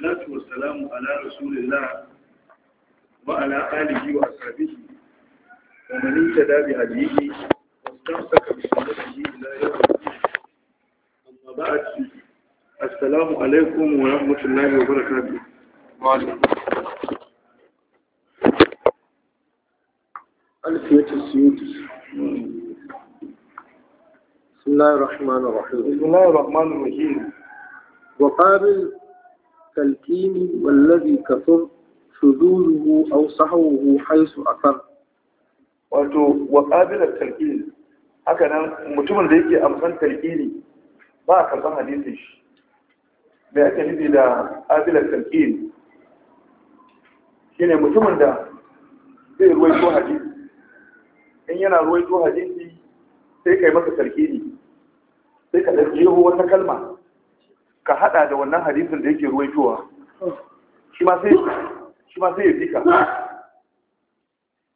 والصلاة والسلام على رسول الله وعلى آله وأصحابه ومن اهتدى بهديه واستمسك بسنته إلى يوم الدين أما بعد السلام عليكم ورحمة الله وبركاته وعليكم ألفية بسم الله الرحمن الرحيم بسم الله الرحمن الرحيم وقابل التلقين والذي كثر شذوذه أو صحوه حيث أثر wato wa ƙabilar talƙini haka nan mutumin da yake amsan talƙini ba a karɓar hadisin shi mai ake nufi da ƙabilar talƙini shi ne mutumin da zai ruwaito hadisi in yana ruwaito hadisi sai ka yi masa talƙini sai ka ɗarki yahu wata kalma ka hada da wannan hadisin da yake ruwaitowa shi ma sai shi ma sai ya fika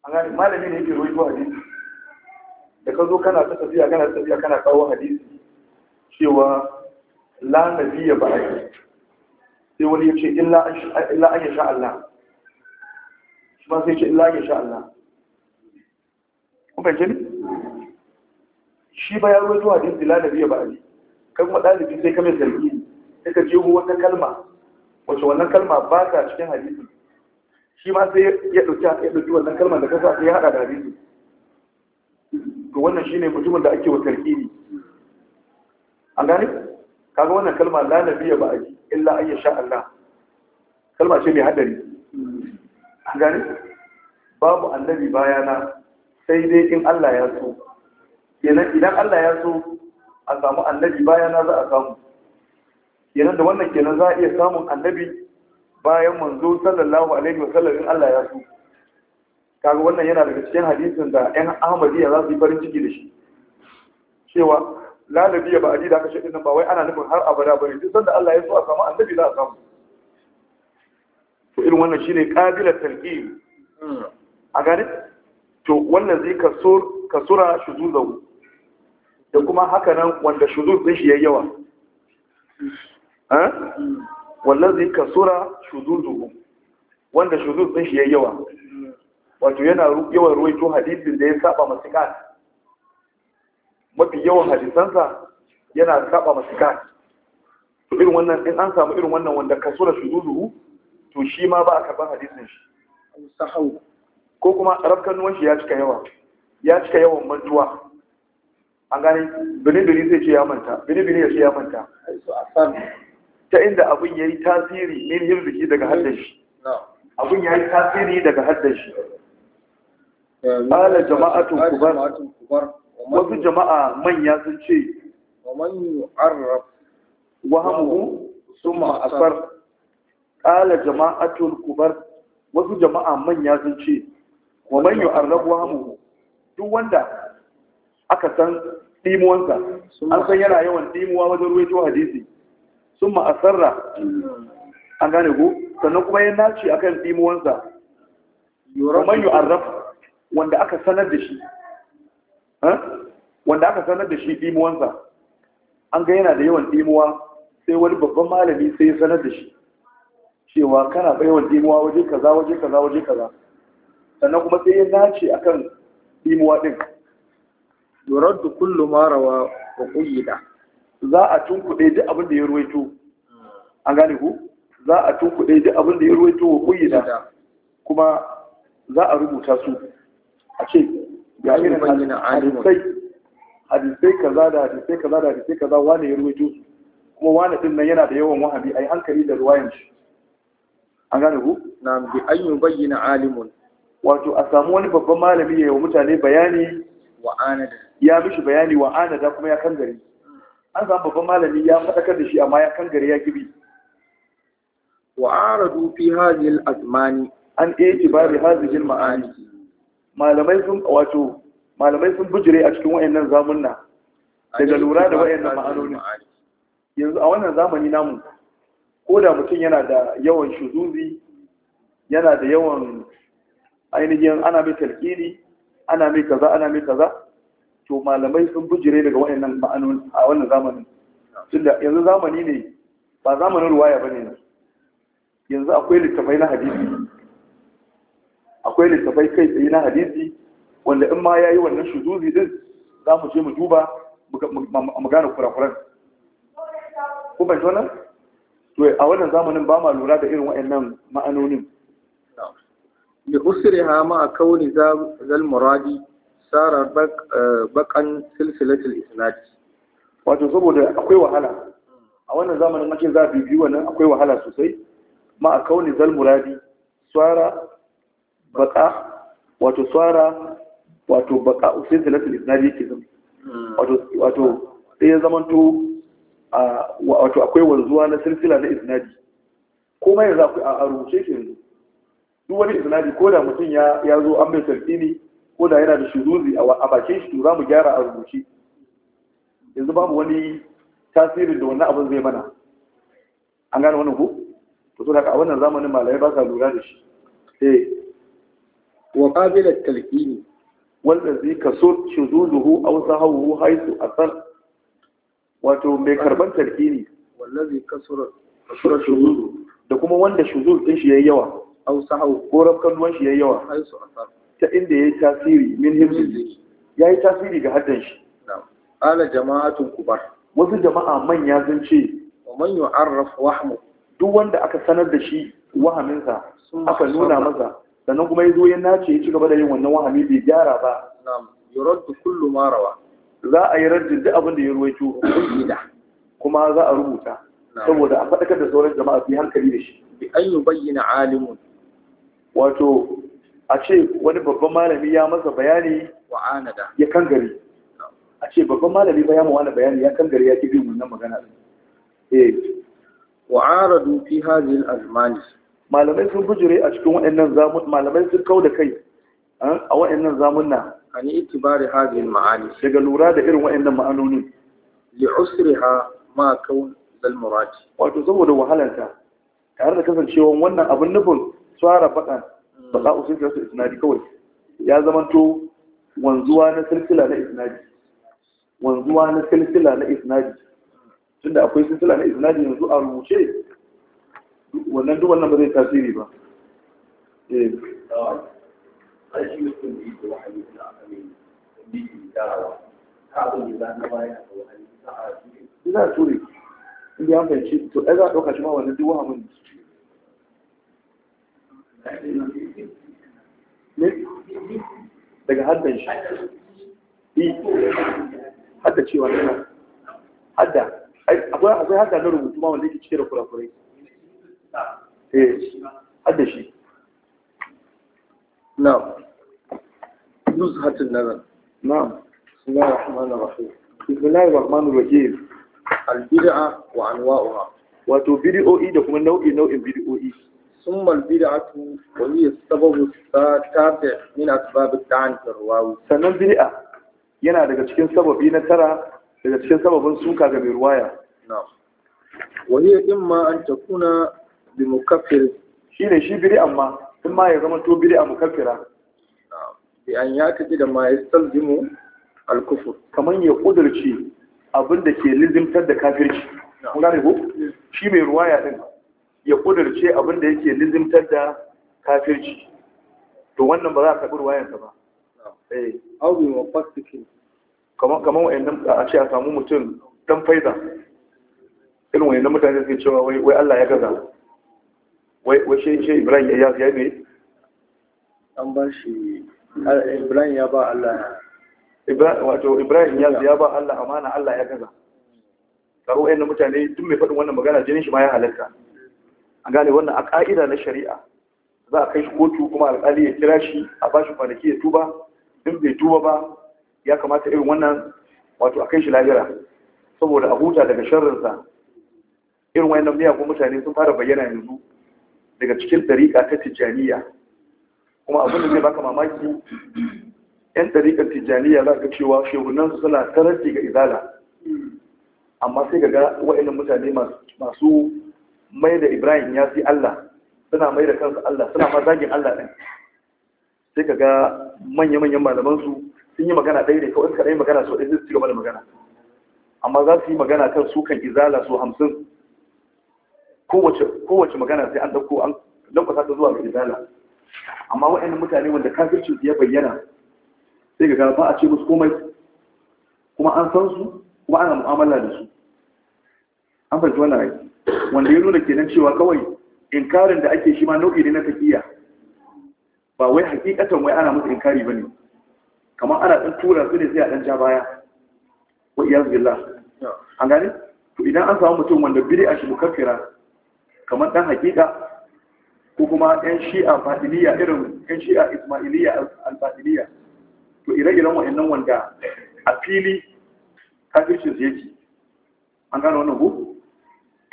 an gani malami ne yake ruwaito hadisi da ka zo kana ta tafiya kana tafiya kana kawo hadisi cewa la biya ba ai sai wani ya ce illa an yi Allah shi ma sai ce illa an yi Allah kuma ce ni shi ba ya ruwaito hadisi la biya ba ai kai kuma ɗalibi sai ka zargi suka jeho wata kalma wacce wannan kalma ba ta cikin hadisi shi ma sai ya ɗauki ya wannan kalmar da kasa sai ya haɗa da hadisi to wannan shine mutumin da ake wa tarkini an gane kaga wannan kalma la nabiyya ba aji illa ayya sha Allah kalma ce mai hadari an gane babu annabi bayana sai dai in Allah ya so kenan idan Allah ya so a samu annabi bayana za a samu kenan da wannan kenan za a iya samun annabi bayan manzo sallallahu alaihi wa sallam in Allah ya so kaga wannan yana daga cikin hadisin da 'yan Ahmadiyya za su yi farin ciki da shi cewa lalabi ya ba'adi da aka nan ba wai ana nufin har abada bane duk sanda Allah ya so a samu annabi za a samu to irin wannan shine qabilat tarqib a gani to wannan zai kasur kasura shuzuzahu da kuma haka nan wanda shuzuz din shi yayi yawa Wannan zai kasura shududu wanda shudud din shi yayi yawa wato yana yawan ruwaito hadisin da ya saba masikat mafi yawan hadisansa yana saba masikat to irin wannan in an samu irin wannan wanda kasura shududu to shi ma ba a karban hadisin shi ko kuma nuwan shi ya cika yawa ya cika yawan mantuwa an gane bini-bini zai ce ya manta bini-bini ya ce ya manta ta inda abin ya yi tasiri min hirziki daga haddashi abin ya yi tasiri daga haddashi ala jama'atun kubar wasu jama'a manya sun ce wahamu sun ma'asar ala jama'atun kubar wasu jama'a manya sun ce wa man yu'arrab wahamu duk wanda aka san dimuwansa an san yana yawan dimuwa wajen ruwaito hadisi sun ma'asarra an gane ku sannan kuma yin naci a kan ɗimuwansa roman yi arraf wanda aka sanar da shi wanda aka sanar da shi ɗimuwansa an ga yana da yawan ɗimuwa sai wani babban malami sai ya sanar da shi cewa kana yawan ɗimuwa waje kaza waje kaza waje kaza sannan kuma sai ya nace akan ɗimuwa ɗin yuraddu da ma rawa wa qayyida za a tunkuɗe duk abin da ya ruwaito A gane ku za a tunkuɗe duk abin da ya ruwaito wa ƙuyida kuma za a rubuta su a ce ya ga na hadisai hadisai kaza da hadisai kaza da hadisai kaza wane ya ruwaito su kuma wane din nan yana da yawan wahabi ai hankali da ruwayan shi an gane ku na bi ayyun na alimun wato a samu wani babban malami ya yi wa mutane bayani ya mishi bayani wa anada kuma ya kan gari an samu babban malami ya faɗakar da shi amma ya gari ya gibi wa aradu fi hadhihi al-azmani an bi hadhihi al-ma'ani malamai sun wato malamai sun bujire a cikin wayannan zamunna daga lura da wayannan ma'anoni yanzu a wannan zamani namu ko da mutum yana da yawan shuzuzi yana da yawan ainihin ana mai talqini ana mai kaza ana mai kaza to malamai sun bujire daga wa'annan ma'anun a wannan zamanin tunda yanzu zamani ne ba zamanin ruwaya bane ne yanzu akwai littafai na hadisi akwai littafai kai tsaye na hadisi wanda in ma yayi wannan shuzuzi din za mu je mu duba mu gane kurakuran ku bai tona to a wannan zamanin ba ma lura da irin wa'annan ma'anonin li usriha ma kauni zal muradi sarar eh, bakan silsilatul isnad wato saboda akwai wahala a wannan zamanin ake za bi biyu wannan akwai wahala sosai ma a kauni zal muradi swara baka wato swara wato baka silsilatul isnad yake zama hmm. wato wato sai ya zamanto a wato akwai wanzuwa na silsila na isnadi kuma yanzu akwai a rubuce shi yanzu duk wani isnadi ko da mutum ya zo an bai tartini ko da yana da shuruzi a bakin shi za mu gyara a rubuce yanzu babu wani tasirin da wannan abin zai mana an gane wani ku? to so daga a wannan zamanin malai ba sa lura da shi eh wa qabila talqini wallazi kasur shuzuzuhu aw sahawu haythu asar wato mai karban talqini wallazi kasura kasura shuzuzu da kuma wanda shuzuz din shi yayi yawa aw sahawu ko rafkan ruwan shi yayi yawa haythu asar ta inda ya yi tasiri min himsin ya yi tasiri ga haddan shi ala jama'atun kubar wasu jama'a manya sun ce wa man yu'arraf wahmu duk wanda aka sanar da shi wahaminsa aka nuna masa sannan kuma ya zo ya nace ya ci gaba da yin wannan wahami bai gyara ba na'am yuraddu kullu ma rawa za a yi raddin duk abin da ya ruwaito kuma za a rubuta saboda a faɗakar da sauran jama'a su hankali da shi bi an bayyana alimun wato a ce wani babban malami ya masa bayani ya kan gari a ce babban malami ba ya mawa bayani ya kan gari ya ke bin wannan magana eh wa'aradu fi hadhihi al-azmani malamai sun bujure a cikin wa'annan zamun malamai sun kau da kai a waɗannan zamunna an itibari hadhihi maani daga lura da irin waɗannan Ya li usriha ma kaun zal murati wato saboda wahalanta tare da kasancewa wannan abin nufin tsara faɗan saqa'u sun kasu isnadi kawai ya zamanto wanzuwa na silsila na isnadi wanzuwa na silsila na isnadi tunda akwai silsila na isnadi yanzu a rubuce wannan duk wannan ba zai tasiri ba eh ina turi inda ya fahimci to ɗaya za a ɗauka shi ma wani duk wahamin daga haddan shi yi hadda cewa yana hadda akwai hadda na rubutu ma wanda yake cike da kurakurai eh hadda shi na nuz hatin nazar na bismillahir rahmanir rahim bismillahir rahmanir rahim al bid'a wa anwa'uha wato bid'o'i da kuma nau'i nau'in bid'o'i ثم البدعة وهي السبب التاسع من أسباب الطعن في الرواوي سنن بدعة yana daga cikin sababi na tara daga cikin sababin suka ga mai ruwaya wahiyar imma an takuna bi shi ne shi biri amma in ma ya zama biri a mukaffira bi ya tafi da ma ya salzimu alkufur kamar ya kudurci abin da ke lizimtar da kafirci kun gane ko shi mai ruwaya din ya ƙudurce abin da yake lizimtar da kafirci to wannan ba za a taɓi ruwayansa ba eh. aure wa fasikin kamar nan a ce a samu mutum dan faida irin nan mutane suke cewa wai Allah ya gaza wai shi Ibrahim ya yi ne an ba shi Ibrahim ya ba Allah wato Ibrahim ya ba Allah amana Allah ya gaza hmm. karo nan mutane tun mai faɗin wannan magana jinin shi ma ya halatta a gane wannan a ƙa'ida na shari'a za a kai shi kotu kuma alƙali ya kira shi a ba shi kwanaki ya tuba in bai tuba ba ya kamata irin wannan wato a kai shi lahira saboda a huta daga sharrinsa irin wannan miyagun mutane sun fara bayyana yanzu daga cikin ɗariƙa ta tijjaniya kuma abin da zai baka mamaki yan ɗariƙar tijjaniya za ka cewa su suna taranci ga izala amma sai ga ga wayannan mutane masu mai da ibrahim ya fi allah suna mai da kansu allah suna ma zagin allah ɗin sai ka ga manya-manyan malamansu sun yi magana ɗaya da kawai suka ɗaya magana sau ɗaya su ci da magana amma za su yi magana kan su kan izala su hamsin kowace magana sai an ɗauko an lankwasa ta zuwa ga izala amma waɗannan mutane wanda kafircin su ya bayyana sai ga ba a ce musu komai kuma an san su kuma ana mu'amala da su an fahimci wannan rai wanda ya nuna kenan cewa kawai inkarin da ake shi ma nau'i ne na taƙiyya ba wai hakikatan wai ana musu inkari ne. kamar ana ɗan tura su ne sai a ɗan ja baya wa iyaz billah an gane to idan an samu mutum wanda biri a shi mukaffira kamar ɗan hakika ko kuma ɗan shi'a fadiliya irin ɗan shi'a ismailiya al to ire-iren wa'annan wanda a fili kafircin su yake an gane wannan ko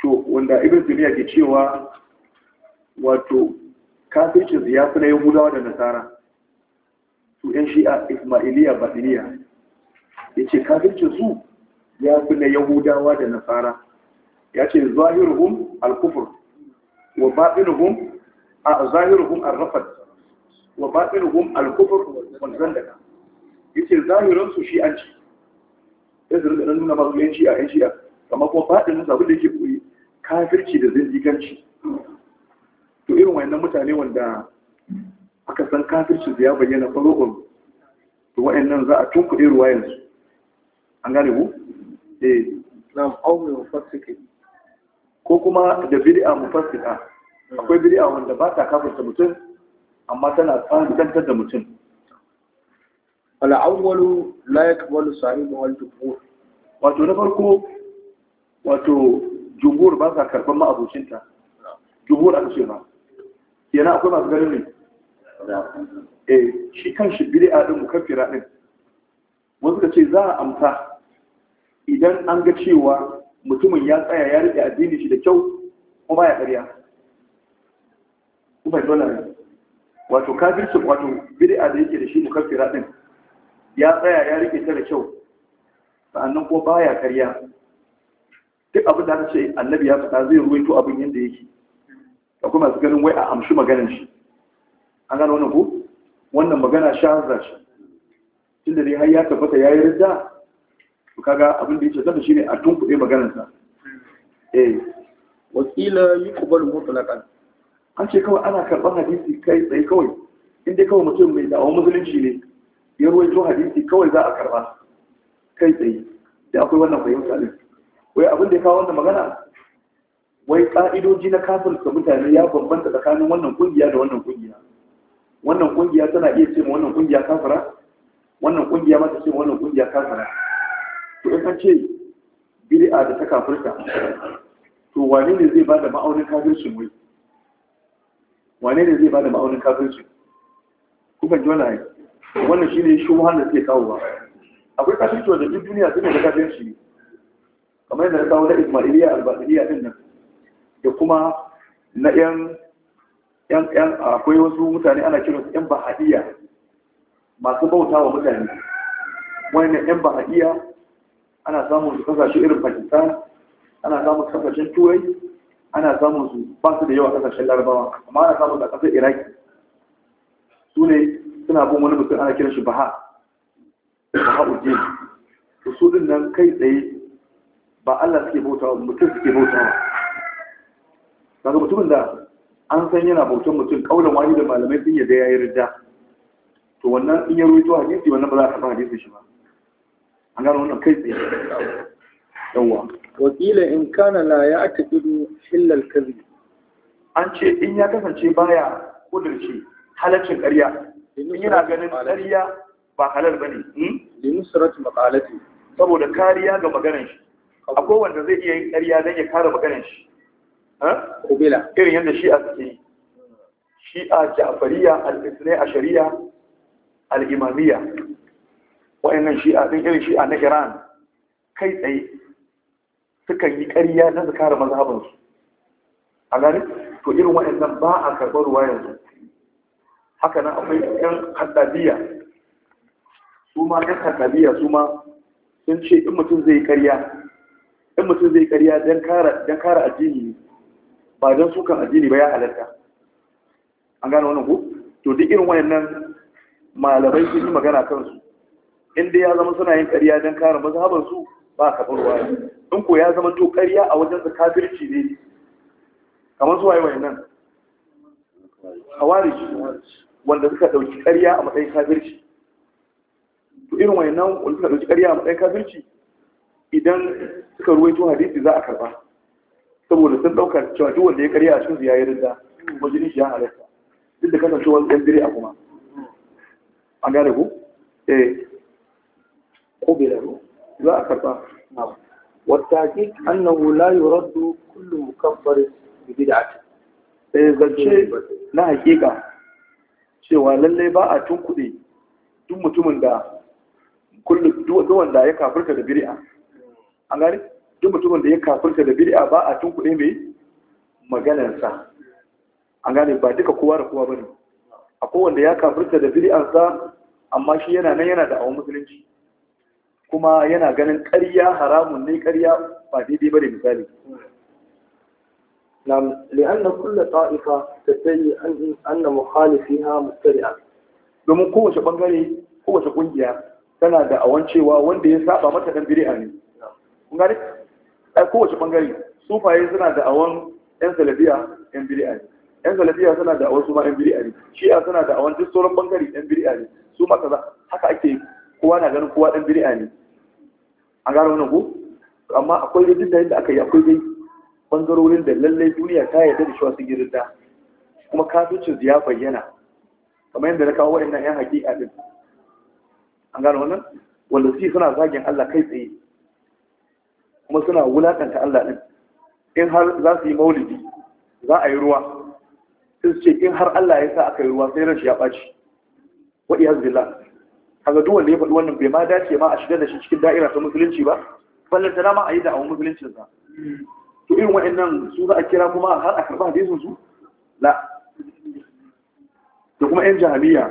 to wanda ibn tumiya ke cewa wato kafircin ya fi na yahudawa da nasara su yan shi'a ismailiya batiniya ya ce kafircin su ya fi na yahudawa da nasara ya ce zahirhun al-kufur wa baɗinuhum a zahirhun al wa baɗinuhum al-kufur wanzan daga ya ce zahiransu shi'anci ya zirga nuna masu yan shi'a yan shi'a kamar kuma fadin musa abin da yake koyi kafirci da zindiganci to irin wayannan mutane wanda aka san kafirci da ya bayyana farko to wayannan za a tunkuɗe ruwayan su an gane ku eh na aure mufassiki ko kuma da bid'a mufassika akwai bid'a wanda ba ta kafirta mutum amma tana tsantar da mutum al'awwalu la yakbalu sahibu wal jumhur wato na farko wato jumhur ba sa karɓar ma'abocinta jumhur aka ce ba yana akwai masu ganin ne eh shi kan shi bid'a din mukaffira din wasu ka ce za a amsa idan an ga cewa mutumin ya tsaya ya rike addini shi da kyau ko baya ƙarya kuma dole ne wato kafirci wato a da yake da shi mukaffira din ya tsaya ya rike ta da kyau sa'annan ko baya ƙarya duk abin da ce annabi ya faɗa zai ruwaito abin yadda yake da kuma masu ganin wai a amshi maganar shi an gano wani ko wannan magana shahazar shi tun da ne har ya tabbata ya yi rida su kaga abin da ya ce zata shi ne a tunkuɗe maganarsa eh wakila yi kubar mutlaƙan an ce kawai ana karɓar hadisi kai tsaye kawai inda kawai mutum mai da'awar musulunci ne ya ruwaito hadisi kawai za a karɓa kai tsaye da akwai wannan fahimta ne wai abin da ya kawo wannan magana wai ka'idoji na da mutane ya bambanta tsakanin wannan kungiya da wannan kungiya wannan kungiya tana iya ce wannan kungiya kafara wannan kungiya mata ta ce wannan kungiya kafara to in an ce bid'a da ta kafirta to wane ne zai bada ma'aunin kafirci wai wane ne zai bada ma'aunin kafirci kuma ji wani wannan shine wahala da kawo kawowa akwai kafirci wajen duk duniya suna da kafirci ne kamar yadda na kawo na ismailiya albatiliya din nan da kuma na yan yan akwai wasu mutane ana kiransu yan bahadiya masu bauta wa mutane Wani yan bahadiya ana samun su kasashe irin pakistan ana samun kasashen turai ana samun su ba su da yawa kasashen larabawa amma ana samun su a kasar iraki su ne suna bin wani mutum ana kiran shi baha baha ujjin su su din nan kai tsaye ba Allah suke bautawa mutum suke bautawa daga mutumin da an san yana bautan mutum kaulan wani da malamai sun yadda ya yi ridda to wannan in ya rubuto hadisi wannan ba za a taɓa hadisi shi ba an gano wannan kai tsaye yawwa wakila in kana la ya taqidu illa al kazi. an ce in ya kasance baya kudurci halaccin ƙarya in yana ganin ƙarya ba halal bane hmm? li nusrat makalati. saboda kariya ga maganar shi akwai wanda zai iya yin ƙarya don ya kare maganin shi kubila irin yadda a suke shi a ja'fariya al-isnai a shari'a al-imamiyya wa'annan a din irin a na iran kai tsaye sukan yi ƙarya don su kare mazhabinsu a gani to irin wa'annan ba a karɓar ruwa yanzu haka nan akwai ɗan haddadiya su ma ɗan haddadiya su ma sun ce in mutum zai yi ƙarya in mutum zai karya don kara addini ba don sukan addini ba ya halatta an gane wani ku to duk irin wayannan malamai sun yi magana kansu Inda ya zama suna yin karya don kare mazhaban su ba kafin ruwa in ko ya zama to ƙarya a wajen kafirci ne kamar su waye wayannan khawarij wanda suka dauki ƙarya a matsayin kafirci to irin wayannan wanda suka dauki ƙarya a matsayin kafirci idan suka ruwaito hadisi za a karba saboda sun ɗauka cewa duk wanda ya karya a cikin ya yayi rinda wajen shi ya halatta duk da wani ɗan dire a kuma an gane ku eh ko bai raro za a karba والتحقيق kullum لا da كل da ake. eh zance na hakika cewa lallai ba a tun kuɗi duk mutumin da kullum wanda ya kafirka da biri'a an gani duk mutumin da ya kafirta da bid'a ba a tunkuɗe mai maganarsa an gane ba duka kowa da kowa bane akwai wanda ya kafirta da bid'arsa amma shi yana nan yana da awon musulunci kuma yana ganin ƙarya haramun ne ƙarya ba daidai bane misali نعم لأن كل طائفة تدعي أن مخالفها mustari'a domin kowace bangare kowace kungiya tana da awancewa wanda ya saba mata dan bid'a ne kun gane a kowace bangare sufaye suna da awon yan salafiya yan bid'a ne yan salafiya suna da awon su ma yan bid'a ne shi'a suna da awon duk sauran bangare yan bid'a ne su ma kaza haka ake kowa na ganin kowa dan bid'a ne an gano wannan ko amma akwai dai duk da aka yi akwai dai bangarorin da lallai duniya ta yarda da shi wasu girda kuma kafircin ya bayyana kamar yadda na kawo wa'annan yan haƙiƙa din an gano wannan wanda su suna zagin Allah kai tsaye kuma suna wulaƙanta Allah ɗin. in har za su yi maulidi za a yi ruwa sai su ce in har Allah ya sa aka yi ruwa sai rashi ya ɓaci wa iyaz zila kaga duk wanda ya faɗi wannan bai ma dace ma a shigar da shi cikin da'ira ta musulunci ba ballanta na ma a yi awon musuluncin sa to irin wa'annan su za a kira kuma har a karɓa hadisin su la da kuma yan jami'a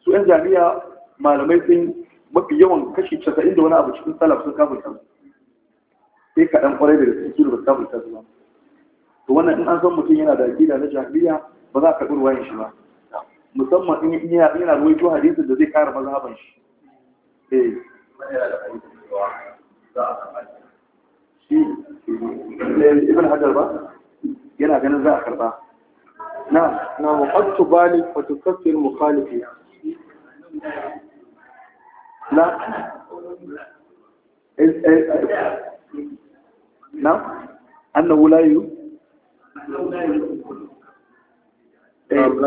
su yan jami'a malamai sun mafi yawan kashi casa'in da wani abu cikin salaf sun kafin kansu sai kaɗan ƙwarai daga cikin kilo ba samun ta zuwa to wannan in an san mutum yana da aƙida na jahiliya ba za ka karɓi ruwayan shi ba musamman in yana ruwaito hadisin da zai kara mazhaban shi eh shi ibn hajar ba yana ganin za a karɓa na na muqattu bali wa tukaffir mukhalifi la na annahu la yu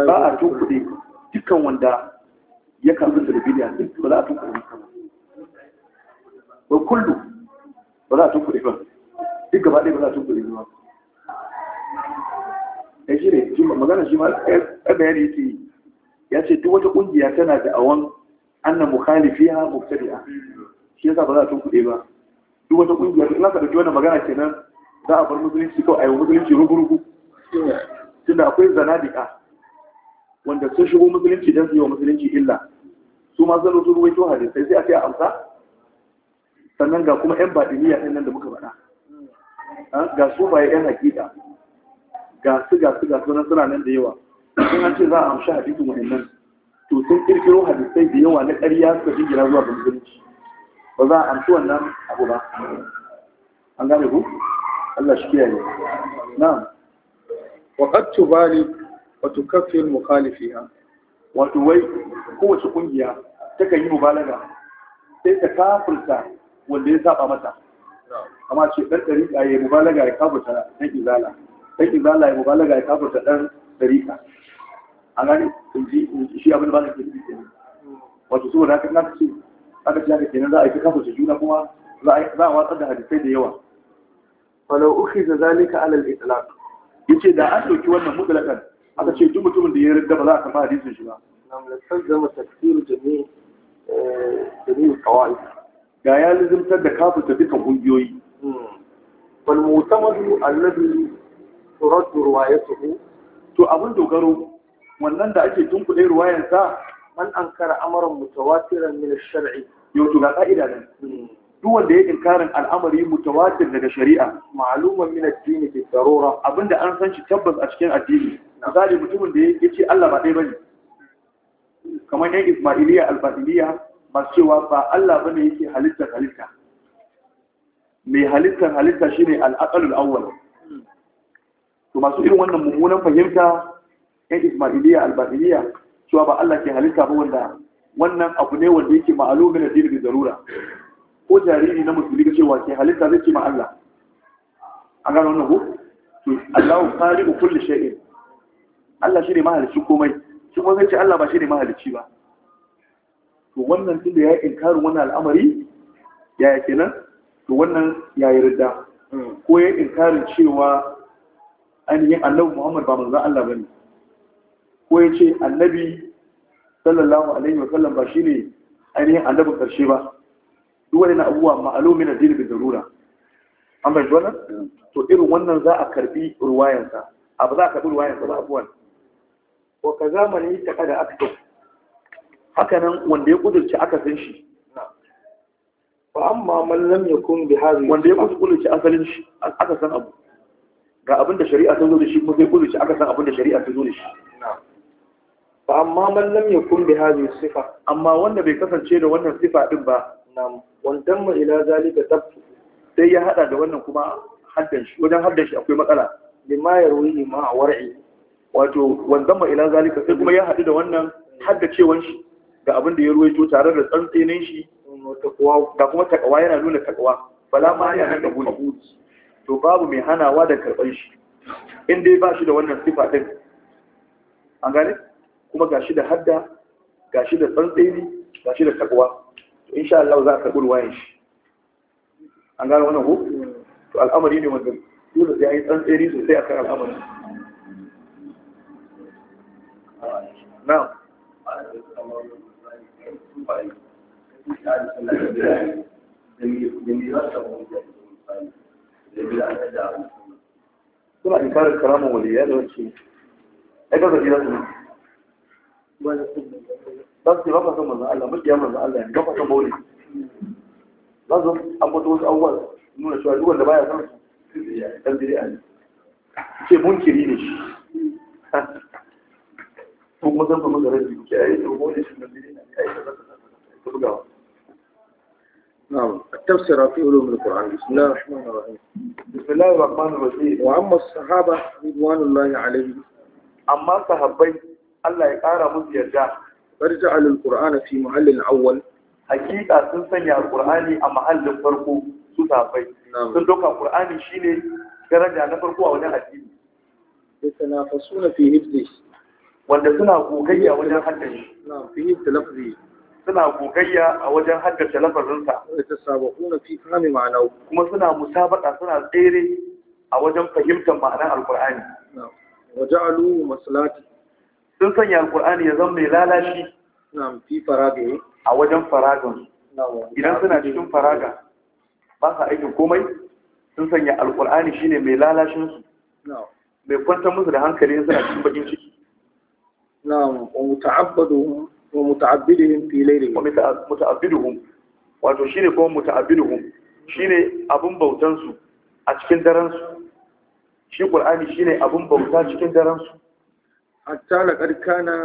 ba a tunkuɗe dukkan wanda ya karbi da bidiya ba za a tun tunkuɗe ba kullum ba za a tun kuɗi ba duk gaba ɗaya ba za a tun kuɗi ba ya shi ne magana shi ma ya bayani yake ya ce duk wata ƙungiya tana da awon annan mukhalifiya mubtadi'a shi yasa ba za a tun kuɗi ba duk wata kungiya in da dauki wani magana kenan za a bar musulunci kawai a yi musulunci rugurugu tunda akwai zanadika wanda sun shigo musulunci don su yi wa musulunci illa su ma zan rusu ruwaito hadisai sai a ce a amsa sannan ga kuma yan badiniya ɗin nan da muka faɗa ah, ga su ba yan hakika ga su ga su ga su nan suna nan da yawa sun an ce za a amshi hadisin wa'annan to sun kirkiro hadisai da yawa na ƙarya suka jira zuwa ga musulunci ba za a amshi wannan abu ba an gane ku Allah shi kiyaye na'am wa qad tubali wa al mukhalifiha wato wai kowace kungiya ta kan yi mubalaga sai ta kafirta wanda ya saba mata amma ce dan dariƙa ya mubalaga ya kafirta dan izala dan izala ya mubalaga ya kafirta dan dariƙa an gane shi abin da ba ka ke wato su wadatar na ce aka ci haka kenan za a yi kafa su juna kuma za a watsar da hadisai da yawa falau uku da zalika alal Ya ce da an ɗauki wannan mutlaqan aka ce duk mutumin da ya yarda ba za a kama hadisin shi ba nam la tazama tafsir jami' eh, jami' qawaid ga ya lazimtar da kafin ta dukkan kungiyoyi hmm. wal mu'tamadu alladhi turad ruwayatuhu to abin dogaro wannan da ake tunkuɗe ruwayansa man ankara amaran mutawatiran min shari yau to ga ka'ida nan duk wanda ya inkarin al'amari mutawatir daga shari'a ma'luman min ad-din bi darura abinda an san shi tabbas a cikin addini misali mutumin da ya ce Allah ba dai bane kamar 'yan Ismailiyya al-Fadiliya ba cewa ba Allah bane yake halittar halitta mai halittar halitta shine al-aqalul awwal to masu irin wannan mummunan fahimta 'yan Ismailiyya al-Fadiliya cewa ba Allah ke halitta ba wanda wannan abu ne wanda yake ma'alu min addini bi zarura ko jariri na musulmi ga cewa ke halitta zai ce ma Allah an gano wannan ko to Allahu khaliqu kulli shay'in Allah shi ne mahalicci komai shi kuma zai ce Allah ba shi ne mahalicci ba to wannan tunda ya inkarin wannan al'amari yaya kenan to wannan ya yarda hmm. ko ya inkarin cewa ainihin annabi Muhammad ba manzon Allah bane ko ya ce annabi sallallahu alaihi wasallam ba shi ne ainihin annabin ƙarshe ba duk wani abubuwa ma'alomi na dini da rura an bai wannan to irin wannan za a karbi ruwayansa abu za a karbi ruwayansa ba abuwan wa ka zamani ta kada aka haka nan wanda ya kudurci aka san shi Ba amma man lam yakun bi hadhihi wanda ya kudurci asalin shi aka san abu ga abin da shari'a ta zo da shi kuma sai kudurci aka san abin da shari'a ta zo da shi fa amma man lam yakun bi hadhihi sifa amma wanda bai kasance da wannan sifa din ba nam wandan ma ila zalika tabtu sai ya hada da wannan kuma haddan shi wajen haddan shi akwai matsala lima yarwi ma war'i wato wandan ma ila zalika sai kuma ya hadu da wannan haddacewan shi ga abin da ya ruwaito tare da tsantsenin shi da kuma takawa yana nuna takawa bala ma ya nan da buɗi to babu mai hanawa da karɓar shi in dai ba shi da wannan sifa din an gane kuma gashi da hadda gashi da tsantsiri gashi da takwa to insha Allah za ka karɓi wayan shi an gano wannan ko to al'amari ne wanda dole sai yi tsantsiri sosai akan al'amari na suna inkarin karamin waliyya da wacce ya gaza gidansu ba su ba ka san manzan Allah Allah ne ba ka bauri? wasu awwal. nuna cewa duk wanda baya san su dan ce munkiri ne kuma san kuma ke ayi to shi ne ayi ta ta ta في علوم القرآن بسم الله الرحمن الرحيم بسم الله الرحمن الرحيم وأما الصحابة رضوان الله عليهم أما صحابي Allah ya ƙara musu yarda farja al-qur'ana fi muhallin awwal hakika sun sanya alqur'ani a mahallin farko su tafai sun doka qur'ani shine daraja na farko a wajen addini na fi hifdhi wanda suna gogayya wajen haddace na fi hifdhi lafzi suna gogayya a wajen haddace lafazinsa yatasabaquna fi fahmi ma'anahu kuma suna musabaqa suna tsere a wajen fahimtar ma'anar Alƙur'ani. alqur'ani waja'alu maslati sun sanya alkur'ani ya zama mai lalashi eh. a wajen faragan idan suna cikin faraga ba sa aikin komai sun sanya alkur'ani shine mai lalashinsu mai kwantar musu da hankali suna cikin bakin ciki wa muta'abbiduhum fi laylihim wa muta'abbiduhum wato shine kuma muta'abbiduhum shine abun bautansu a cikin daren su shi qur'ani shine abun bauta cikin daren su hatta laqad kana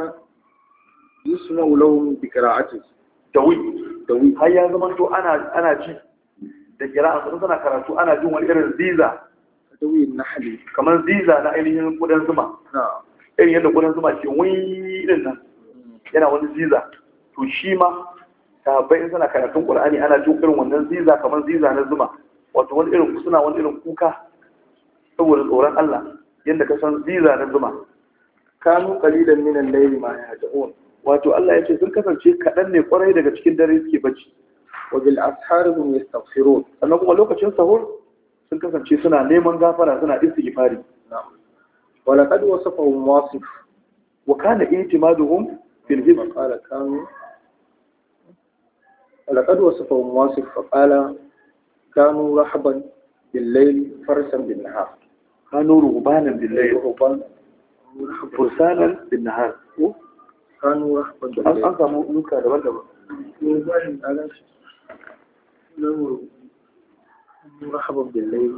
yusma'u lahum bi qira'ati dawi dawi har ya zama to ana ana ji da qira'a sun suna karatu ana jin wani irin ziza dawi nahli kamar ziza na ainihin kudan zuma irin yadda kudan zuma ke wani din nan yana wani ziza to shi ma ta in suna karatun qur'ani ana jin irin wannan ziza kamar ziza na zuma wato wani irin suna wani irin kuka saboda tsoron Allah yadda ka san ziza na zuma كانوا قليلا من الليل ما يهجعون واتو الله يتو ذلك فالشيء كأنني قرأي دقا تكين داريس كي بجي وبالأسحار هم يستغفرون فالنقوم لك شين سهول ذلك فالشيء سنع نيمان غافر سنع استغفاري نعم ولقد وصفهم واصف وكان اعتمادهم في الهب قال كانوا ولقد وصفهم واصف فقال كانوا رحبا بالليل فرسا بالنهار كانوا رغبانا بالليل رغبانا fursanan bin nahar ko kanu rahmatullahi an samu nuka daban-daban مرحبا بالليل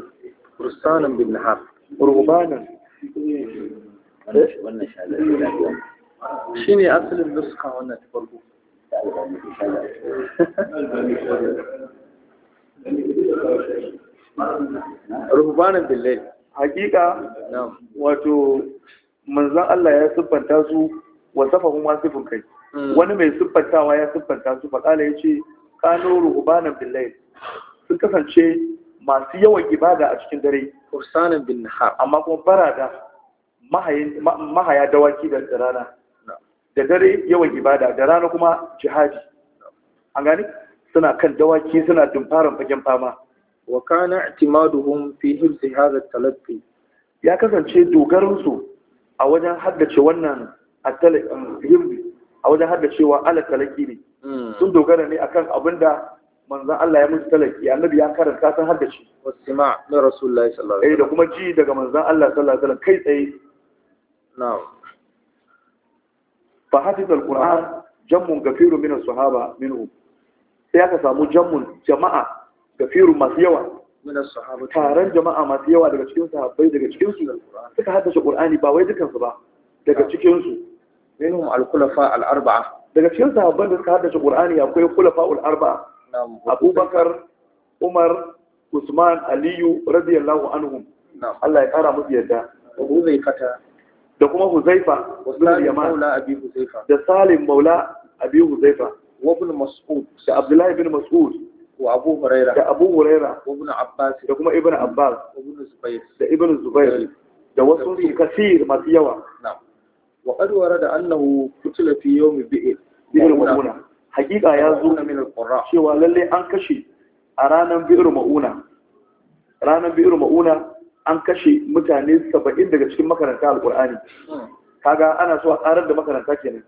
فرسانا بالنهار رهبانا شيني أصل النسخة وانا تبربو رهبانا بالليل حقيقة نعم واتو manzan Allah ya siffanta su wa safa kuma sifin kai hmm. wani mai siffantawa ya siffanta su faƙala ya ce kano ruhubanan billahi sun kasance masu yawan ibada a cikin dare fursanan bin nahar amma kuma barada mahaya dawaki da rana da dare yawan ibada da rana kuma jihadi an gani suna kan dawaki suna dumfarin fagen fama wa kana i'timaduhum fi hifzi hadha at ya kasance dogaransu a wajen haddace wannan yirbi um, a wajen haddacewa ala talaki ne hmm. sun dogara ne akan abin da manzan Allah ya mutu talaki annabi ya karanta sun haddace wasima na rasulullahi sallallahu alaihi eh, da kuma ji daga manzan Allah sallallahu alaihi kai tsaye na'am fa hafiz alquran jammun gafiru min su sahaba minhu sai aka samu jammun jama'a gafiru masu yawa taron jama'a masu yawa daga cikin sahabbai daga cikin su suka haddace qur'ani ba wai dukan ba daga cikin su daga cikin sahabban da suka haddace qur'ani akwai khulafa al-arba'a abubakar umar usman aliyu radiyallahu anhum Allah ya kara musu yadda da kuma huzaifa da salim maula abi huzaifa wa ibn mas'ud da abdullahi ibn mas'ud wa Abu Huraira da Abu Huraira da kuma Ibn Abbas da Ibn Zubair da wasu su masu yawa wa qad warada annahu kutila fi yawmi bi'ir bi'ir hakika ya zo cewa lalle an kashe a an kashe mutane 70 daga cikin makaranta al hmm. kaga ana so a karar da makaranta kenan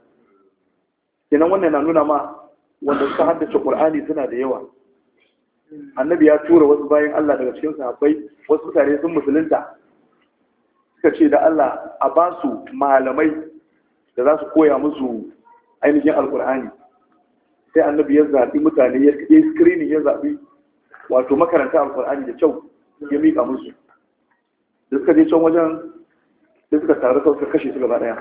kenan wannan na nuna ma wanda suka haddace Qur'ani suna da yawa annabi ya tura wasu bayan Allah daga cikin sahabbai wasu mutane sun musulunta suka ce da Allah a ba su malamai da za su koya musu ainihin alkur'ani sai annabi ya zaɓi mutane ya yi screening ya zaɓi wato makaranta alkur'ani da kyau ya miƙa musu da suka je can wajen da suka taru suka kashe su gaba ɗaya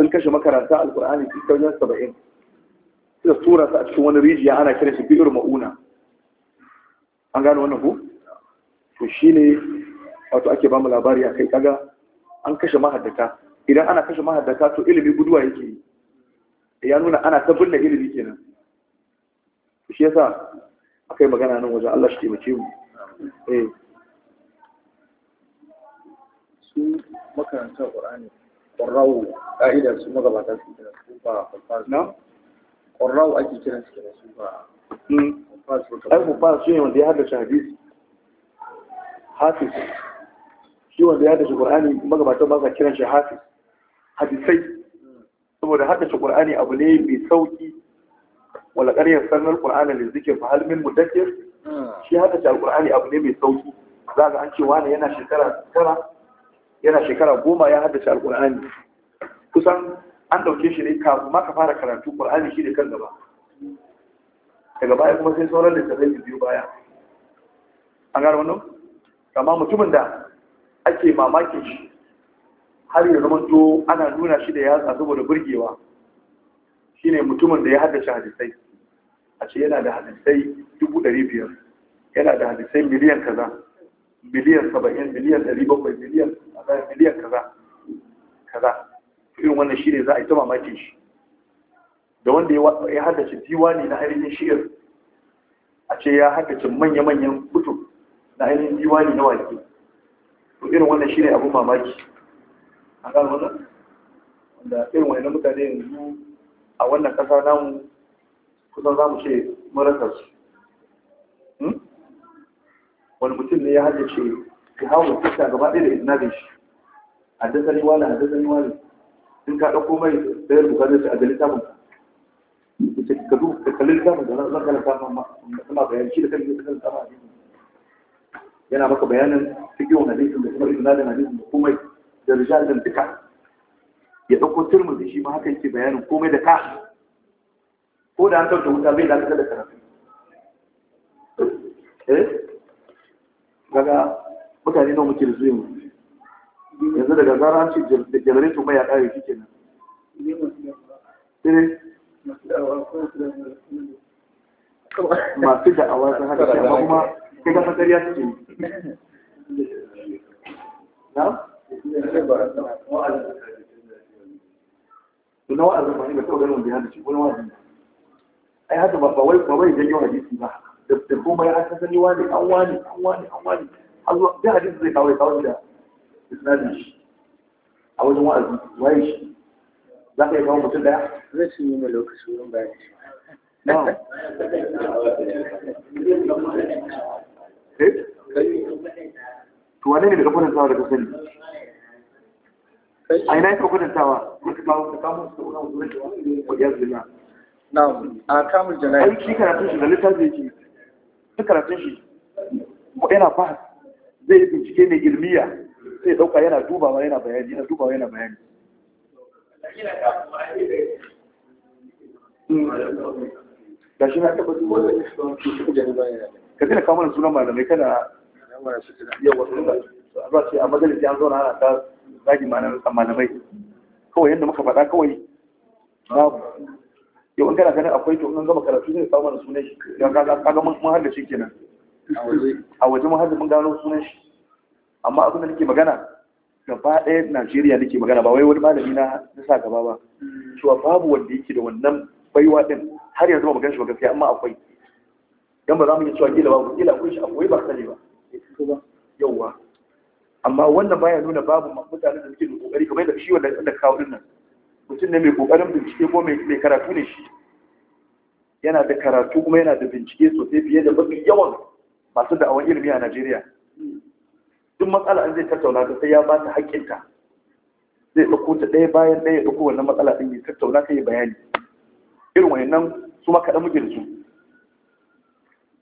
sun kashe makaranta alkur'ani cikin wajen saba'in suka tura su a cikin wani rijiya ana kira shi bi'ir ma'una an gano wannan ku? to shi ne wato ake bamu labari a kai kaga an kashe mahaddata idan ana kashe mahaddata to ilimi guduwa yake yi ya nuna ana ta binne ilimi kenan to shi yasa akai magana nan wajen Allah shi taimake mu eh su makaranta Qur'ani qurra'u ka'ida su magabata su kira su ba na qurra'u ake kiran su ba ai kuffar shi ne wanda ya haddace hadisi hafiz shi wanda ya haddace qur'ani magabatan ba kiran shi hafiz hadisai saboda haddace qur'ani abu ne mai sauƙi, wala ƙaryar sannar qur'ani da zikin fa hal min mudakkir shi haddace qur'ani abu ne mai sauƙi. za ga an cewa wani yana shekara tara yana shekara goma ya haddace alqur'ani kusan an ɗauke shi ne kafin ma ka fara karatu qur'ani shi ne kan gaba daga baya kuma sai sauran littattafai su biyu baya an gano wannan amma mutumin da ake mamakin shi har ya zama to ana nuna shi da yatsa saboda burgewa shine mutumin da ya haddace hadisai a ce yana da hadisai dubu ɗari biyar yana da hadisai miliyan kaza miliyan saba'in miliyan ɗari bakwai miliyan miliyan kaza kaza irin wannan shi ne za a yi ta mamakin shi da wanda ya haddace diwani na ainihin shi'ir a ce ya haddace manya-manyan kutu na ainihin diwani na waje to irin wannan shi ne abin mamaki a kan wannan wanda irin wani mutane yanzu a wannan ƙasa namu kusan za mu ce marasarsu su hmm? wani mutum ne ya haddace ya hawa fuska gaba ɗaya da da shi da ni wani haddasa ni wani in ka ɗauko mai ɗayar da su a ga mutum ka duk ka da shi da yana bayanin da kuma da duka ya shi ma haka yake bayanin komai da ka ko da an tauta wuta bai da da karatu eh mutane nawa muke da su yanzu daga zara an ce janareto mai ya kare shi kenan masu awa sun haka amma kai ga fasari ya na? ne kawai ganin da ya ai haka ba wai ba wai janyo hadisi ba da wani an wani an wani an wani da hadisi zai kawai kawai da isnadin shi a wajen wa'azi waye shi za ka yi kawo mutum daya zai sun yi ma lokaci wurin bayani eh? to wane ne daga kwadantawa daga sani a ina yaka kwadantawa mutu kawo da kamun su da wurin wurin Wani iya zina na a kamun jana'i ai shi karatun shi da littafi yake duk karatun shi yana ba zai bincike mai ilmiya sai ɗauka yana dubawa yana bayani yana dubawa yana bayani da shi na taba duba da ka zina kawo mana sunan malamai kana yawa ba ce a majalis an zauna ana ta zagi malamai kawai yadda muka faɗa kawai babu yau in kana ganin akwai to in gama karatu zai kawo mana sunan shi don ka ga mun shi kenan a waje mun haddace mun gano sunan shi amma abin da nake magana gaba ɗaya Najeriya nake magana ba wai wani malami na na sa gaba ba cewa babu wanda yake da wannan baiwa din har yanzu ba mu ganshi ba gaskiya amma akwai dan ba za mu yi cewa kila ba kila akwai shi akwai ba sani ba yauwa amma wannan baya nuna babu mutanen da suke da kokari kamar da shi wanda da kawo din nan mutum ne mai kokarin bincike ko mai karatu ne shi yana da karatu kuma yana da bincike sosai fiye da mafi yawan masu da'awan ilimi a Najeriya duk matsala in zai tattauna ta sai ya ba ta haƙƙinta zai ɗauko ta ɗaya bayan ɗaya ɗauko wannan matsala ɗin ya tattauna ta yi bayani irin wannan su ma kaɗan muke da su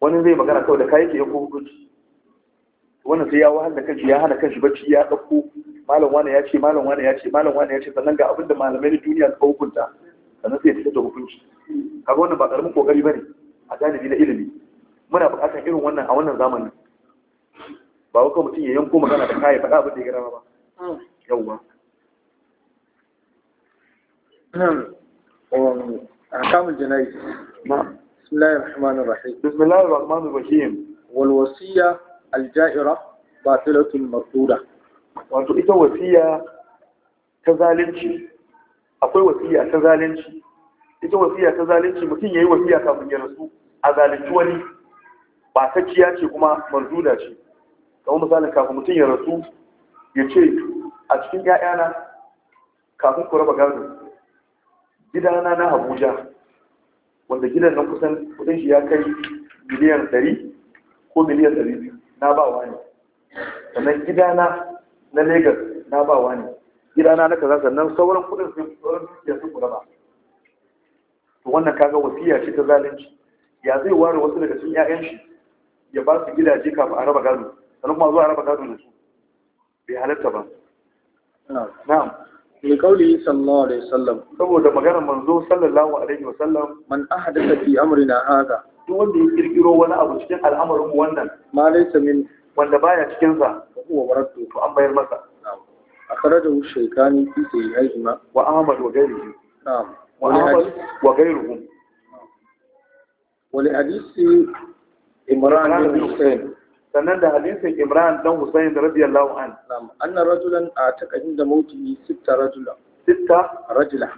wani zai magana kawai da kayan ke ko hukunci wannan sai ya wahala kan shi, ya hana kan shi bacci ya ɗauko malam wani ya ce malam wani ya ce malam wani ya ce sannan ga abinda malamai na duniya suka hukunta sannan sai ya fita da hukunci kaga wannan ba ƙaramin kokari ne, a janibi na ilimi muna buƙatar irin wannan a wannan zamanin ba wai mutum ya yanko magana da kayan faɗa abin da ya gara ba yawwa أحكام الجنائز نعم بسم الله الرحمن الرحيم بسم الله الرحمن الرحيم والوصية الجائرة باطلة مردودة wato ita wasiya ta zalunci akwai wasiya ta zalunci ita wasiya ta zalunci mutum ya yi wasiya kafin ya rasu a zalunci wani ba ta ciya ce kuma marzuda ce kamar misalin kafin mutum ya rasu ya ce a cikin 'ya'yana kafin ku raba gado gidana na abuja wanda gidan nan kusan kudin shi ya kai miliyan 100 ko miliyan ɗari na ba wa ne sannan gidana na lagos na ba wa ne gidana na kaza sannan sauran kudin sun sauran ya sun kula ba to wannan kaga wasiya ce ta zalunci ya zai ware wasu daga cikin 'ya'yan shi ya ba su gidaje kafin a raba gado sannan kuma zuwa raba gado da su bai halatta ba na'am Me kauli sallallahu alaihi wasallam saboda maganar manzo sallallahu alaihi wasallam man ahdatha fi amrina hada duk wanda ya kirkiro wani abu cikin al'amarin mu wannan ma laysa min wanda baya cikin sa huwa waraddu to an bayar masa na'am akhrajahu shaytani fi sahihaihima wa ahmad wa ghayrihi na'am wa ahmad wa ghayruhum wa li hadisi imran bin husayn sannan da hadisin Imran dan Husayn radiyallahu an na'am anna rajulan ataka da mauti sita rajula sita rajula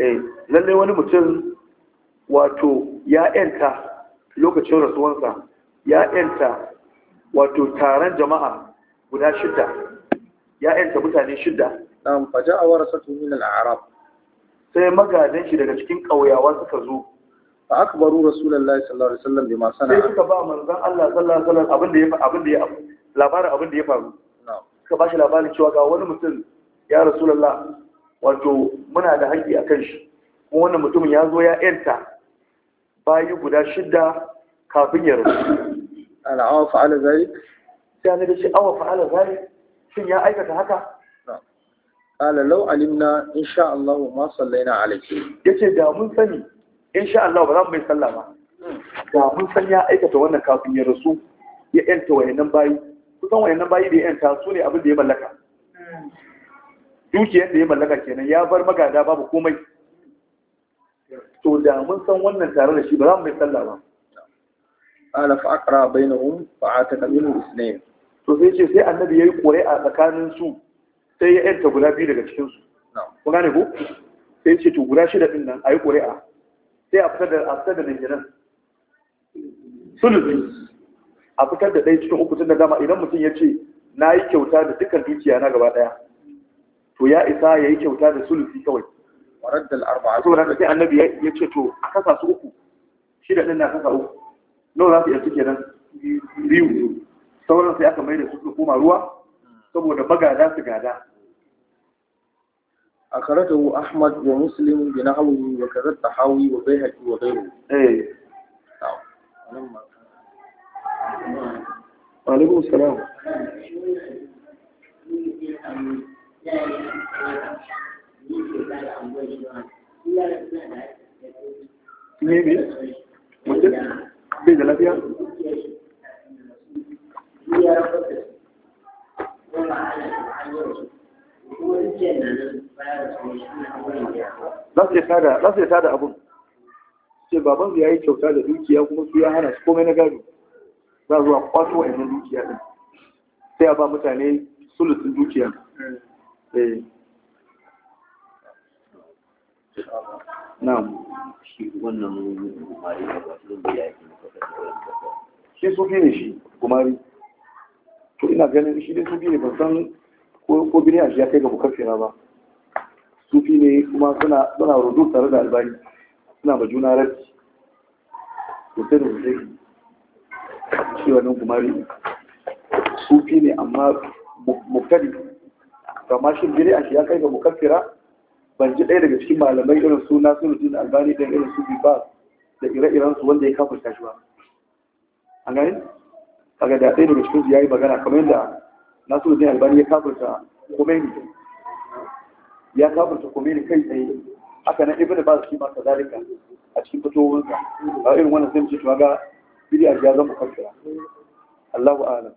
eh lalle wani mutum wato ya yanta lokacin rasuwansa ya yanta wato taron jama'a guda shida ya yanta mutane shida na'am faja'a warasatu min al-a'rab sai magadan shi daga cikin ƙauyawa suka zo fa akbaru rasulullahi sallallahu alaihi wasallam bima sana sai suka ba manzon Allah sallallahu alaihi wasallam abin da ya abin da ya labarin abin da ya faru suka ba shi labarin cewa ga wani mutum ya rasulullah wato muna da haƙƙi a kan shi kuma wannan mutumin ya zo ya enta bayi guda shidda kafin ya rasu al'awa fa'ala zalik sai annabi shi awa fa'ala zalik shin ya aikata haka قال لو علمنا إن شاء الله ما صلينا عليه يتي دا من سني insha Allah ba za mu bai sallah ba da mun san ya aikata wannan kafin ya rasu ya yanta wayannan bayi kusan wayannan bayi da ya yanta su ne abin da ya mallaka dukiyar da ya mallaka kenan ya bar magada babu komai to da mun san wannan tare da shi ba za mu bai sallah ba ala fa aqra bainahum fa ataka minhu isnayn to sai ce sai annabi yayi a tsakanin su sai ya yanta guda biyu daga cikin su kun gane ko sai ce to guda shida din nan ayi a. sai a fitar da a fitar da a fitar da ɗaya cikin uku tun da dama idan mutum ya ce na yi kyauta da dukkan dukiya na gaba ɗaya to ya isa ya yi kyauta da sulusi kawai warar da al'arba'a saboda da sai annabi ya ce to a kasa su uku da ɗin na kasa uku nawa za su yi suke nan biyu sauran sai aka mai da su kuma ruwa saboda magada su gada أخرجه أحمد ومسلم بنحوه وكذا الطحاوي وبيهقي وغيره. إيه. نعم. وعليكم السلام. Maybe. tada za su tada abun ce baban ya yi kyauta da dukiya kuma su ya hana su komai na gado za zuwa kwato wa'annan dukiya din sai ya ba mutane sulusun dukiya eh. na shi wannan kumari da wasu da ya yi shi su ne shi kumari to ina ganin shi dai sufi ne ban san ko bini a shi ya kai ga bukar fira ba sufi ne kuma suna rudu tare da albani suna ba juna rabi sosai da sosai shi wani kumari sufi ne amma mukadi kama shi jiri a shi ya kai ga mukaffira ban ji ɗaya daga cikin malamai irin su nasiruddin albani da irin su ba da ire-irensu wanda ya kafa shi ba an gani a da ɗaya daga cikin su ya yi magana kamar yadda nasiruddin albani ya kafirta komeni ya kafirta komeni kai tsaye haka nan ibnu baz shi ma kazalika a cikin fitowarsa a irin wannan sai mu ga bidiyar ya zama kafira Allahu a'lam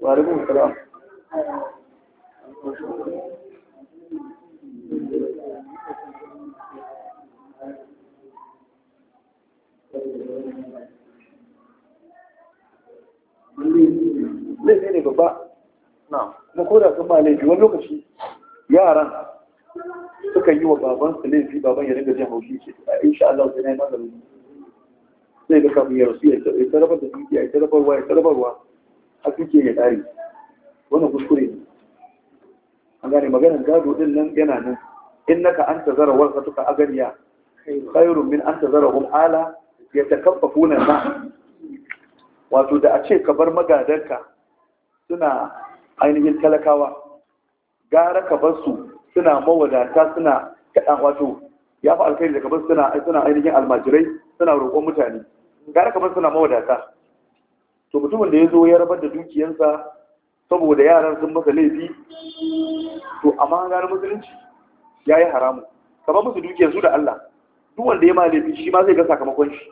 wa alaikum assalam Zai ne babba kuma ko da sun ba laifi wani lokaci yaran suka yi wa baban su laifi baban ya ringa jin haushi ce a ah, insha Allah sai nayi nazari sai ga kafin ya rasu ya tarabar da dukiya ya tarabarwa ya tarabarwa a suke ya dare wannan kuskure ne an gane maganar gado din nan yana nan in naka an zara warsa tuka agariya khairun min an zara hum ala yatakaffafuna na wato da a ce ka bar magadanka suna ainihin talakawa gara ka bar su suna mawadata suna kaɗan wato ya fi alkhairi da kamar suna suna ainihin almajirai suna roƙon mutane gara kamar suna mawadata to mutumin da ya zo ya rabar da dukiyansa saboda yaran sun masa laifi to amma gara musulunci ya yi haramu kamar musu dukiyar su da Allah duk wanda ya ma laifi shi ma zai ga sakamakon shi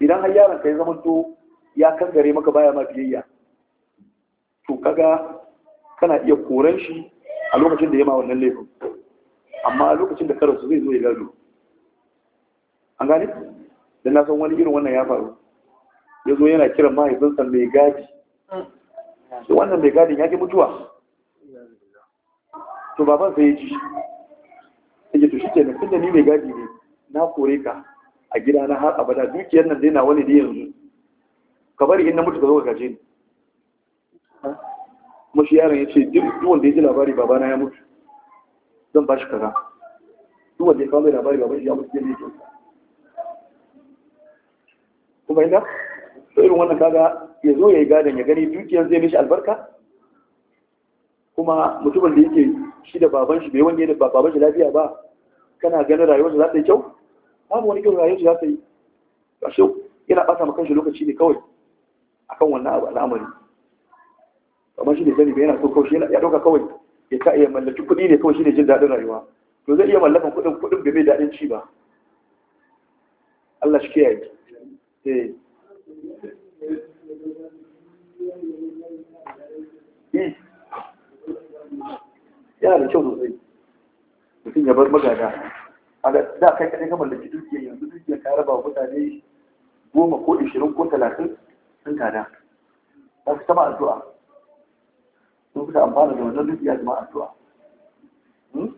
idan har yaron ka ya zama to ya kangare maka baya ma biyayya to kaga kana iya koran shi a lokacin da ya ma wannan laifin amma a lokacin da karasu zai zo ya gado an gane da na san wani irin wannan ya faru ya zo yana kiran mahaifinsa mai gadi to wannan mai gadin ya ke mutuwa to baban sai ya ci ke tushe shi nufin da ni mai gadi ne na kore ka a gida na har abada dukiyar nan dai na wani da yanzu ka bari in na mutu ka zo ka gaje ni mashi shi yaron ya ce duk wanda ya ji labari babana ya mutu zan ba shi kaza duk wanda ya kawo mai labari babana ya mutu zai yake kuma inda so irin wannan kaga ya zo ya yi gadon ya gani dukiyar zai mishi albarka kuma mutumin da yake shi da baban shi bai wani da baban shi lafiya ba kana ganin rayuwar za ta yi kyau babu wani kyau rayuwar za ta yi ashe yana ɓata maka shi lokaci ne kawai akan wannan al'amari kamar shi ne sani ba yana so kawai ya ɗauka kawai ya ta iya mallaki kuɗi ne kawai shi ne jin daɗin rayuwa to zai iya mallakan kuɗin kuɗin bai daɗin ci ba Allah shi kiyaye eh, eh. ya da kyau sosai mutum ya bar magana a da kai kaɗai ka mallaki dukiya yanzu dukiya ka raba wa mutane goma ko ishirin ko talatin sun kada. za su tama addu'a sun suka amfana da wannan dukiya da ma'addu'a hmm?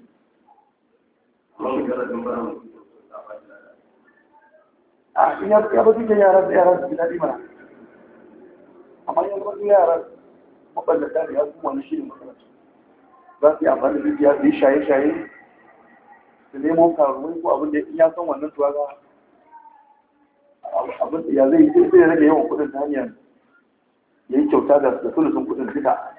a in ya ya ba duka yaran da yaran su daɗi mana amma yan wani yaran maballata da ya kuma wani shi shirin makarantu za su yi amfani da dukiya su yi shaye-shaye su nemo karuwai ko abin da ya san wannan tuwa ga abin da ya zai yi sai rage yawan kuɗin ta hanyar ya yi kyauta da sulusun kudin duka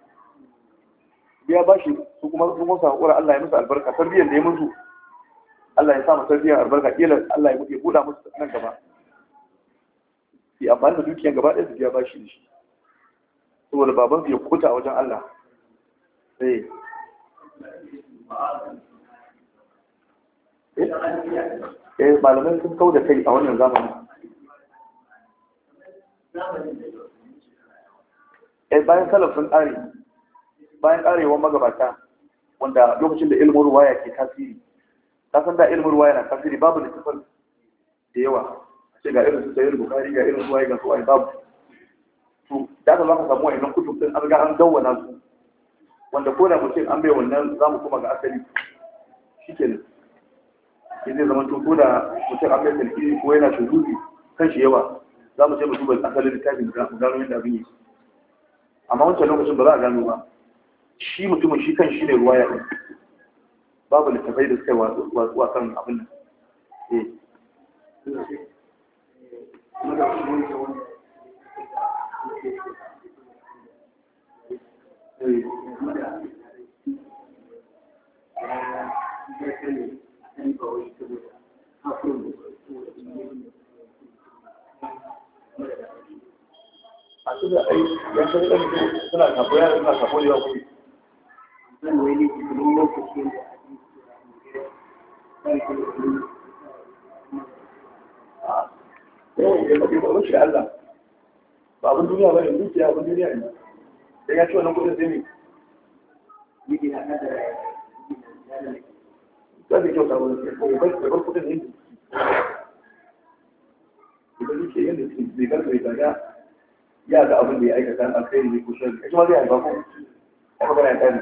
ya ba shi su kuma kuma musa hakura Allah ya musu albarka tarbiyyar da ya musu Allah ya sa tarbiyyar albarka ƙila Allah ya buɗe buɗa musu nan gaba Ya amfani da dukiyar gaba ɗaya su biya bashi da shi saboda baban su ya kuta a wajen Allah sai eh. Eh, eh malamai sun kau da kai a wannan zamanin eh bayan salafin sun bayan karewar magabata wanda lokacin da ilmin ruwaya ke tasiri ta san da ilmin ruwaya na tasiri babu littafin da yawa a ce ga irin su sayar bukari ga irin ruwaya ga suwaye babu to da aka zaka samu wa'annan kutub din an ga an dawwana su wanda ko da mutum an bai wannan za mu kuma ga asali shi ke nan, zai zama ko da mutum an bai sarki ko yana shuruɗi kan shi yawa za mu je mu duba asalin littafin da gano yadda abin yi amma wancan lokacin ba za a gano ba shi mutumin shi kan shi ne ruwa ya ɗin babu da tafai da suka wa kan abin eh. da nan a cikin aiki yankin ɗan suna kafin yaran suna kafin yawan kuɗi nan wai ne ke kuma lokacin da Allah ba abin duniya ba ne dukiya abin duniya ne da ya ci wannan kudin sai ne za su kyauta wani sai ko bai bar kudin ne idan yake yadda bai karfe daga ya ga abin da ya aikata alkhairi ne ko shari'a ita ma zai haifa ko ya magana ya tsari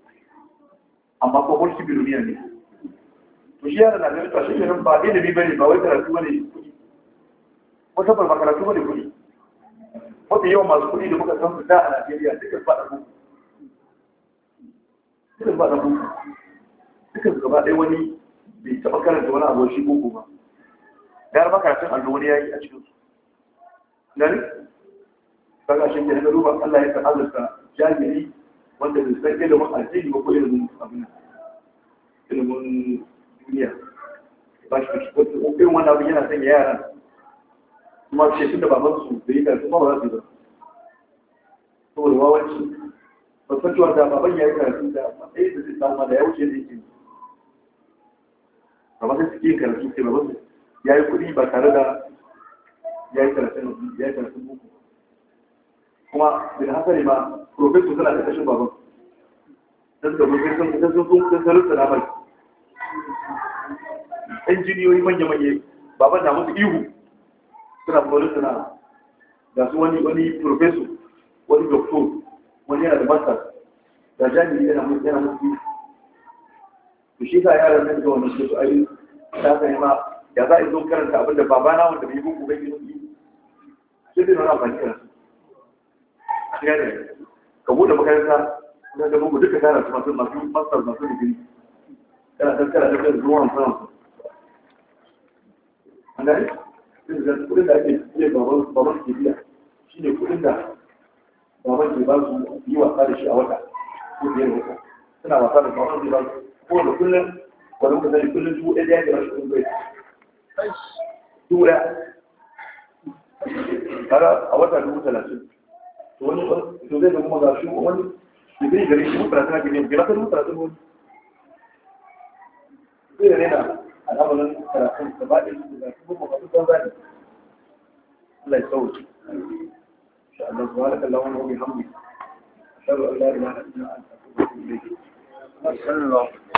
amma ko mulki biloniya ne to shi yana da ganin tashi irin ba ilimi bane ba wai karatu bane kuɗi wata ba karatu bane kuɗi mafi yawan masu kuɗi da muka san da a Najeriya dukkan faɗa ku dukkan faɗa ku dukkan gaba ɗaya wani bai taɓa karanta wani abu shi boko ba da har makaratun allo wani yayi a cikin su ba kaga shi ne da duba Allah ya san Allah ta'azzara jami'i wanda bai da ilimin addini ba ko ilimin abin ilimin duniya ba shi wata irin wannan abin yana sanya yara kuma da ba masu su da yi karatu ba ba za su yi ba saboda wawanci ba san cewa da baban ya yi karatu da matsayi da zai samu da ya wuce da yake ba sai suke yin karatu sai ba masu ya yi kuɗi ba tare da ya yi karatun ya yi karatu kuma bin hasari ma profesor suna da kashin baban don da mulkin sun kusa sun sun sun rutsa na mai injiniyoyi manya-manya baban na musu ihu suna kwarin suna ga su wani wani professor wani doctor wani yana da master da jami'i yana musu yana musu ihu to shi sa yaran nan ga wani su su ayi ta sai ma ya za a zo karanta abin da babana wanda bai gugu bai yi sai dai na amfani da su ka bude makaranta na da mu duka tara su masu masu masu masu digiri kana ta kana ta zuwa hamsin an gani sai ga kudin da ake iya baban baban ke biya shine kudin da baban ke ba su yi wasa da shi a wata ko biyar wata suna wasa da baban ke ba su ko da kullum wani muka sani kullum dubu ɗaya ya rashin kudin bai dubu ɗaya a wata dubu talatin to wani to zai ga kuma ga shi wani bibin gare shi mutarata gibin gilatar mutaratun wani zai da rena al'amarin karatun da ba da su da su kuma masu son zani Allah ya tsawo shi sha Allah su halaka lawan wani hamdi shabu Allah ya rana ina an tafi da su ne